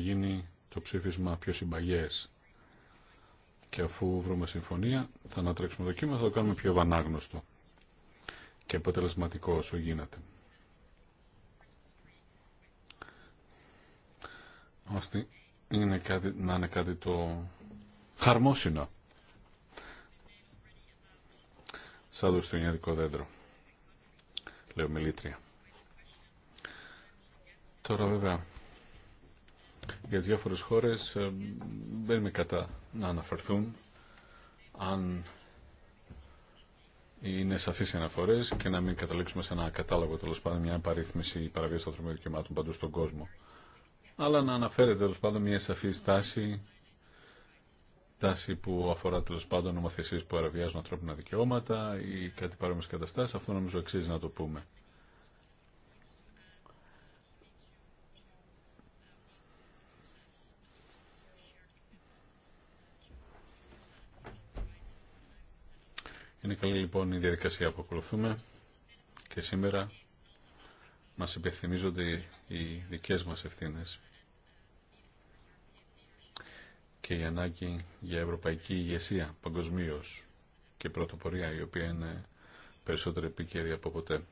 γίνει το ψήφισμα πιο συμπαγές και αφού βρούμε συμφωνία θα ανατρέξουμε το κείμενο, θα το κάνουμε πιο ευανάγνωστο και αποτελεσματικό όσο γίνεται. Ώστε είναι κάτι, να είναι κάτι το χαρμόσυνο σαν το στενιάδικο δέντρο λέω μιλήτρια. Τώρα βέβαια για τις διάφορες χώρες ε, δεν είμαι κατά να αναφερθούν αν είναι σαφείς οι αναφορές και να μην καταλήξουμε σε ένα κατάλογο τέλο πάντων μια παρήθμιση παραβίαση των ανθρωπίνων δικαιωμάτων παντού στον κόσμο. Αλλά να αναφέρεται τέλο πάντων μια σαφή στάση τάση που αφορά τέλο πάντων νομοθεσίε που αραβιάζουν ανθρώπινα δικαιώματα ή κάτι παρόμοιε καταστάσει. Αυτό νομίζω αξίζει να το πούμε. Είναι καλή λοιπόν η διαδικασία που ακολουθούμε και σήμερα μας υπενθυμίζονται οι δικές μας ευθύνες και η ανάγκη για ευρωπαϊκή ηγεσία παγκοσμίω και πρωτοπορία η οποία είναι περισσότερη επίκαιρη από ποτέ.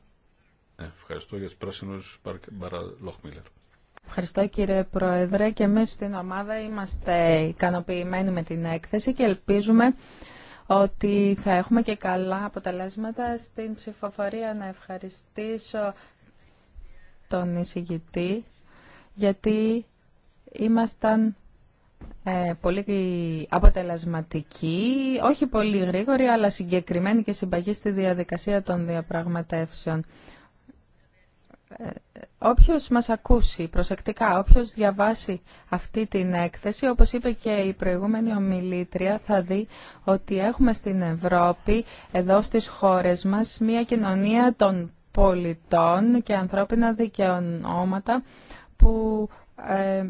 Ναι, ευχαριστώ για τους πράσινους Μπαρα Λοχμίλερ. Ευχαριστώ κύριε Πρόεδρε και εμείς στην ομάδα είμαστε ικανοποιημένοι με την έκθεση και ελπίζουμε ότι θα έχουμε και καλά αποτελέσματα στην ψηφοφορία. Να ευχαριστήσω τον εισηγητή, γιατί ήμασταν ε, πολύ αποτελεσματικοί, όχι πολύ γρήγοροι, αλλά συγκεκριμένοι και συμπαγή στη διαδικασία των διαπραγματεύσεων. Ε, όποιος μας ακούσει προσεκτικά, όποιος διαβάσει αυτή την έκθεση, όπως είπε και η προηγούμενη ομιλήτρια, θα δει ότι έχουμε στην Ευρώπη, εδώ στις χώρες μας, μια κοινωνία των πολιτών και ανθρώπινα δικαιώματα που ε,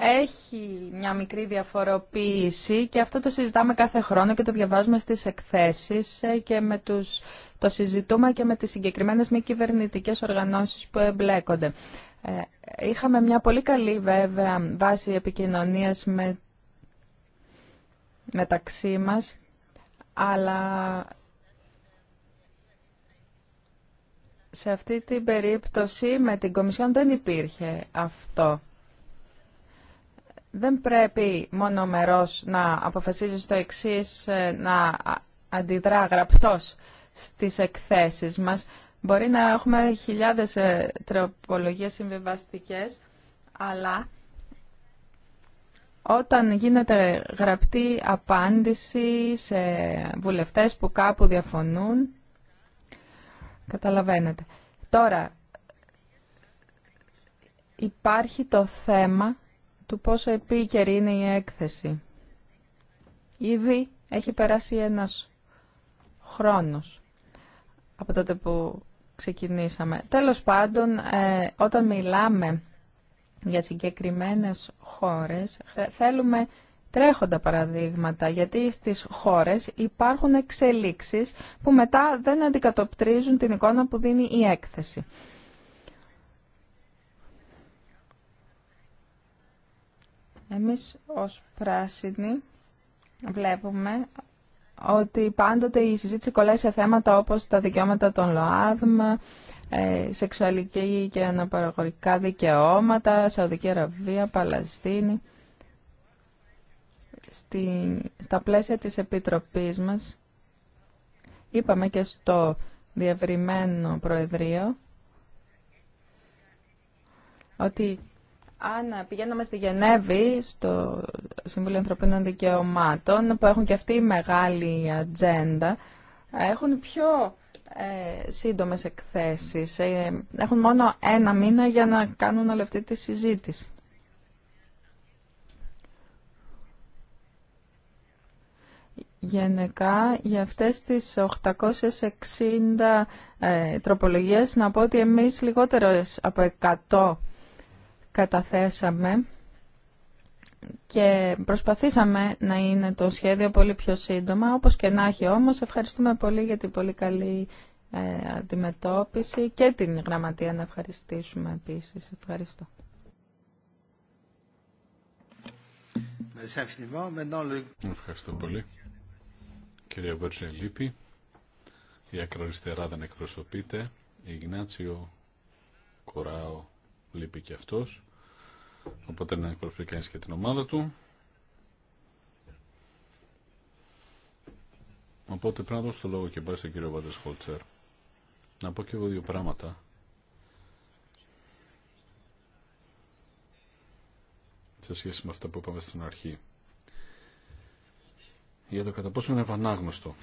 έχει μια μικρή διαφοροποίηση και αυτό το συζητάμε κάθε χρόνο και το διαβάζουμε στις εκθέσεις ε, και με τους, το συζητούμε και με τις συγκεκριμένες μη κυβερνητικέ οργανώσεις που εμπλέκονται. Ε, είχαμε μια πολύ καλή βέβαια βάση επικοινωνίας με, μεταξύ μας, αλλά σε αυτή την περίπτωση με την Κομισιόν δεν υπήρχε αυτό δεν πρέπει μόνο μερός να αποφασίζει το εξή ε, να αντιδρά γραπτός στις εκθέσεις μας. Μπορεί να έχουμε χιλιάδες ε, τροπολογίες συμβιβαστικές, αλλά όταν γίνεται γραπτή απάντηση σε βουλευτές που κάπου διαφωνούν, καταλαβαίνετε. Τώρα, υπάρχει το θέμα του πόσο επίκαιρη είναι η έκθεση. Ήδη έχει περάσει ένας χρόνος από τότε που ξεκινήσαμε. Τέλος πάντων, ε, όταν μιλάμε για συγκεκριμένες χώρες, ε, θέλουμε τρέχοντα παραδείγματα, γιατί στις χώρες υπάρχουν εξελίξεις που μετά δεν αντικατοπτρίζουν την εικόνα που δίνει η έκθεση. Εμείς ως πράσινοι βλέπουμε ότι πάντοτε η συζήτηση κολλάει σε θέματα όπως τα δικαιώματα των ΛΟΑΔΜ, ε, σεξουαλική και αναπαραγωγικά δικαιώματα, Σαουδική Αραβία, Παλαιστίνη. Στη, στα πλαίσια της Επιτροπής μας, είπαμε και στο διευρυμένο Προεδρείο, ότι αν πηγαίναμε στη Γενέβη, στο Συμβούλιο Ανθρωπίνων Δικαιωμάτων, που έχουν και αυτή η μεγάλη ατζέντα, έχουν πιο ε, σύντομες εκθέσεις. Ε, έχουν μόνο ένα μήνα για να κάνουν όλη αυτή τη συζήτηση. Γενικά, για αυτές τις 860 ε, τροπολογίες, να πω ότι εμείς λιγότερο από 100 καταθέσαμε και προσπαθήσαμε να είναι το σχέδιο πολύ πιο σύντομα, όπως και να έχει όμως. Ευχαριστούμε πολύ για την πολύ καλή ε, αντιμετώπιση και την γραμματεία να ευχαριστήσουμε επίσης. Ευχαριστώ. Ευχαριστώ πολύ. Κυρία Βερζελίπη, Η ακροαριστερά δεν εκπροσωπείται. Η Γνάτσιο Κοράο λείπει και αυτός. Οπότε να ακολουθεί κανείς και την ομάδα του. Οπότε πρέπει να δώσω το λόγο και πάει στον κύριο Βάντερ Χολτσέρ. Να πω και εγώ δύο πράγματα. Σε σχέση με αυτά που είπαμε στην αρχή. Για το κατά πόσο είναι ευανάγνωστο.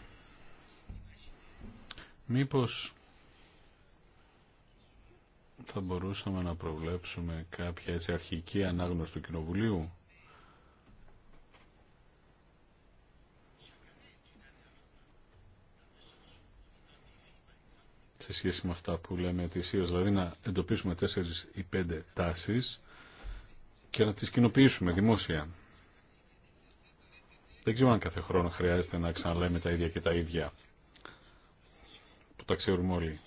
Μήπως θα μπορούσαμε να προβλέψουμε κάποια έτσι αρχική ανάγνωση του Κοινοβουλίου σε σχέση με αυτά που λέμε ετησίως, δηλαδή να εντοπίσουμε τέσσερις ή πέντε τάσεις και να τις κοινοποιήσουμε δημόσια. Δεν ξέρω αν κάθε χρόνο χρειάζεται να ξαναλέμε τα ίδια και τα ίδια που τα ξέρουμε όλοι.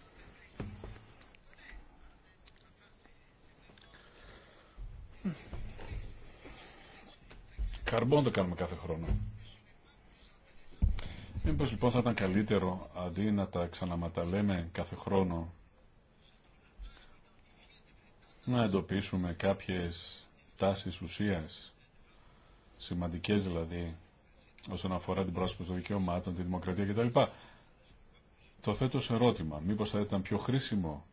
καρμπών το κάνουμε κάθε χρόνο. Μήπως λοιπόν θα ήταν καλύτερο αντί να τα ξαναματαλέμε κάθε χρόνο να εντοπίσουμε κάποιες τάσεις ουσίας σημαντικές δηλαδή όσον αφορά την πρόσπιση των δικαιωμάτων, τη δημοκρατία κτλ. Το θέτω σε ερώτημα. Μήπως θα ήταν πιο χρήσιμο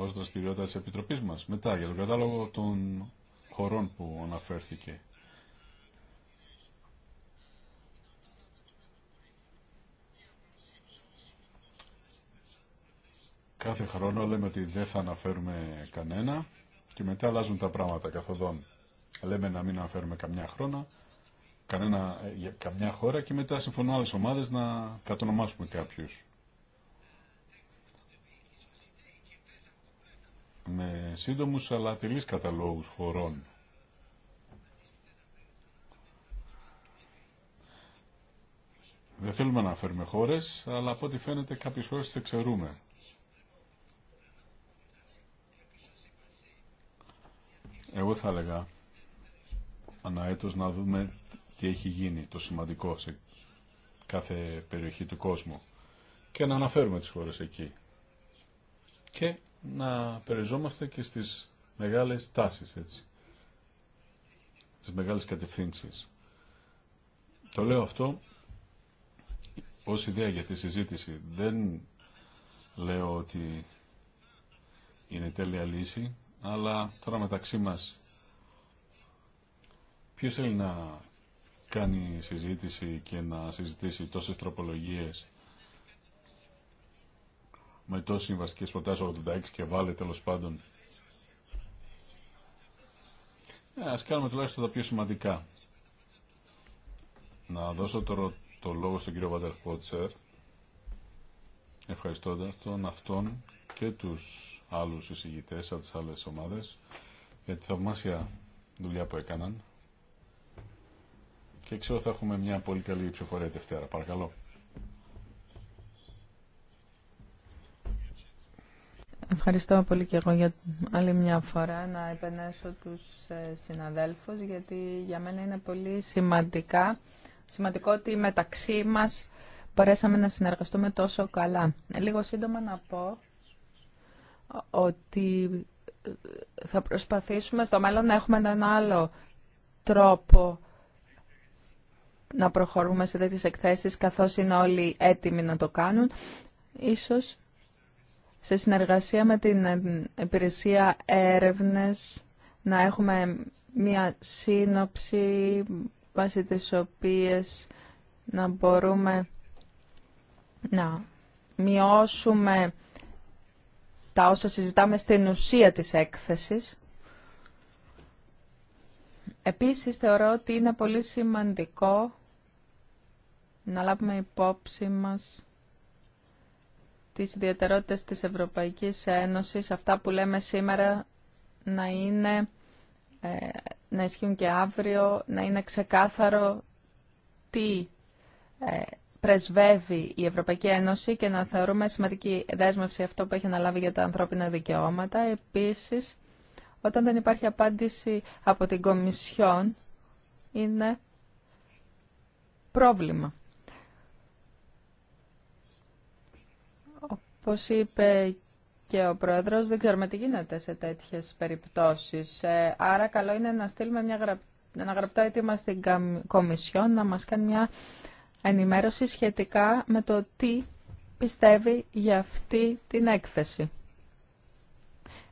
Ω δραστηριότητα τη Επιτροπής μας. Μετά, για τον κατάλογο των χωρών που αναφέρθηκε. Κάθε χρόνο λέμε ότι δεν θα αναφέρουμε κανένα και μετά αλλάζουν τα πράγματα καθοδόν. Λέμε να μην αναφέρουμε καμιά χρόνο, κανένα, καμιά χώρα και μετά συμφωνούν άλλες ομάδες να κατονομάσουμε κάποιους. με σύντομους αλλά τελείς καταλόγους χωρών. Δεν θέλουμε να φέρουμε χώρες, αλλά από ό,τι φαίνεται κάποιες χώρες τις ξέρουμε. Εγώ θα έλεγα αναέτος να δούμε τι έχει γίνει το σημαντικό σε κάθε περιοχή του κόσμου και να αναφέρουμε τις χώρες εκεί. Και να περιζόμαστε και στις μεγάλες τάσεις, έτσι. Στις μεγάλες κατευθύνσεις. Το λέω αυτό ως ιδέα για τη συζήτηση. Δεν λέω ότι είναι τέλεια λύση, αλλά τώρα μεταξύ μας ποιος θέλει να κάνει συζήτηση και να συζητήσει τόσες τροπολογίες με τόσες συμβαστικές προτάσεις 86 και βάλε τέλο πάντων. Ε, ας κάνουμε τουλάχιστον τα πιο σημαντικά. Να δώσω τώρα το λόγο στον κύριο Βαντερπότσερ, ευχαριστώντας τον αυτόν και τους άλλους εισηγητές από τις άλλες ομάδες για τη θαυμάσια δουλειά που έκαναν και ξέρω θα έχουμε μια πολύ καλή ψηφοφορία Δευτέρα. Παρακαλώ. Ευχαριστώ πολύ και εγώ για άλλη μια φορά να επενέσω τους ε, συναδέλφους γιατί για μένα είναι πολύ σημαντικά, σημαντικό ότι μεταξύ μας μπορέσαμε να συνεργαστούμε τόσο καλά. Ε, λίγο σύντομα να πω ότι ε, θα προσπαθήσουμε στο μέλλον να έχουμε έναν άλλο τρόπο να προχωρούμε σε τέτοιες εκθέσεις καθώς είναι όλοι έτοιμοι να το κάνουν. Ίσως σε συνεργασία με την ε, υπηρεσία έρευνες να έχουμε μία σύνοψη βάσει τις οποίες να μπορούμε να μειώσουμε τα όσα συζητάμε στην ουσία της έκθεσης. Επίσης θεωρώ ότι είναι πολύ σημαντικό να λάβουμε υπόψη μας τις ιδιαιτερότητες της Ευρωπαϊκής Ένωσης, αυτά που λέμε σήμερα να είναι ε, να ισχύουν και αύριο, να είναι ξεκάθαρο τι ε, πρεσβεύει η Ευρωπαϊκή Ένωση και να θεωρούμε σημαντική δέσμευση αυτό που έχει αναλάβει για τα ανθρώπινα δικαιώματα. Επίσης, όταν δεν υπάρχει απάντηση από την Κομισιόν, είναι πρόβλημα. πως είπε και ο Πρόεδρος, δεν ξέρουμε τι γίνεται σε τέτοιες περιπτώσεις. Ε, άρα καλό είναι να στείλουμε μια γραπ... ένα γραπτό αίτημα στην Κομισιόν να μας κάνει μια ενημέρωση σχετικά με το τι πιστεύει για αυτή την έκθεση.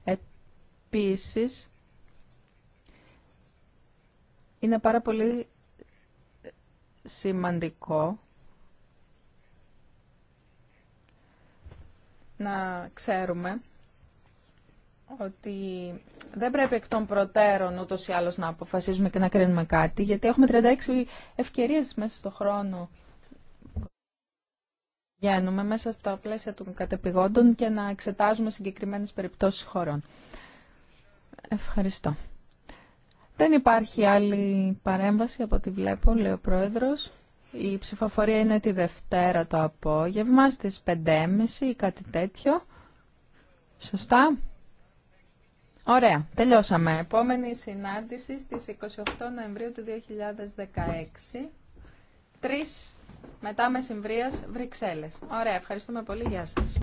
Επίσης, είναι πάρα πολύ σημαντικό να ξέρουμε ότι δεν πρέπει εκ των προτέρων ούτως ή άλλως να αποφασίζουμε και να κρίνουμε κάτι, γιατί έχουμε 36 ευκαιρίες μέσα στο χρόνο βγαίνουμε μέσα από τα πλαίσια των κατεπηγόντων και να εξετάζουμε συγκεκριμένες περιπτώσεις χωρών. Ευχαριστώ. Δεν υπάρχει άλλη παρέμβαση από ό,τι βλέπω, λέει ο Πρόεδρος. Η ψηφοφορία είναι τη Δευτέρα το απόγευμα στις 5.30 ή κάτι τέτοιο. Σωστά. Ωραία. Τελειώσαμε. Επόμενη συνάντηση στις 28 Νοεμβρίου του 2016. Τρεις μετά μεσημβρίας Βρυξέλλες. Ωραία. Ευχαριστούμε πολύ. Γεια σας.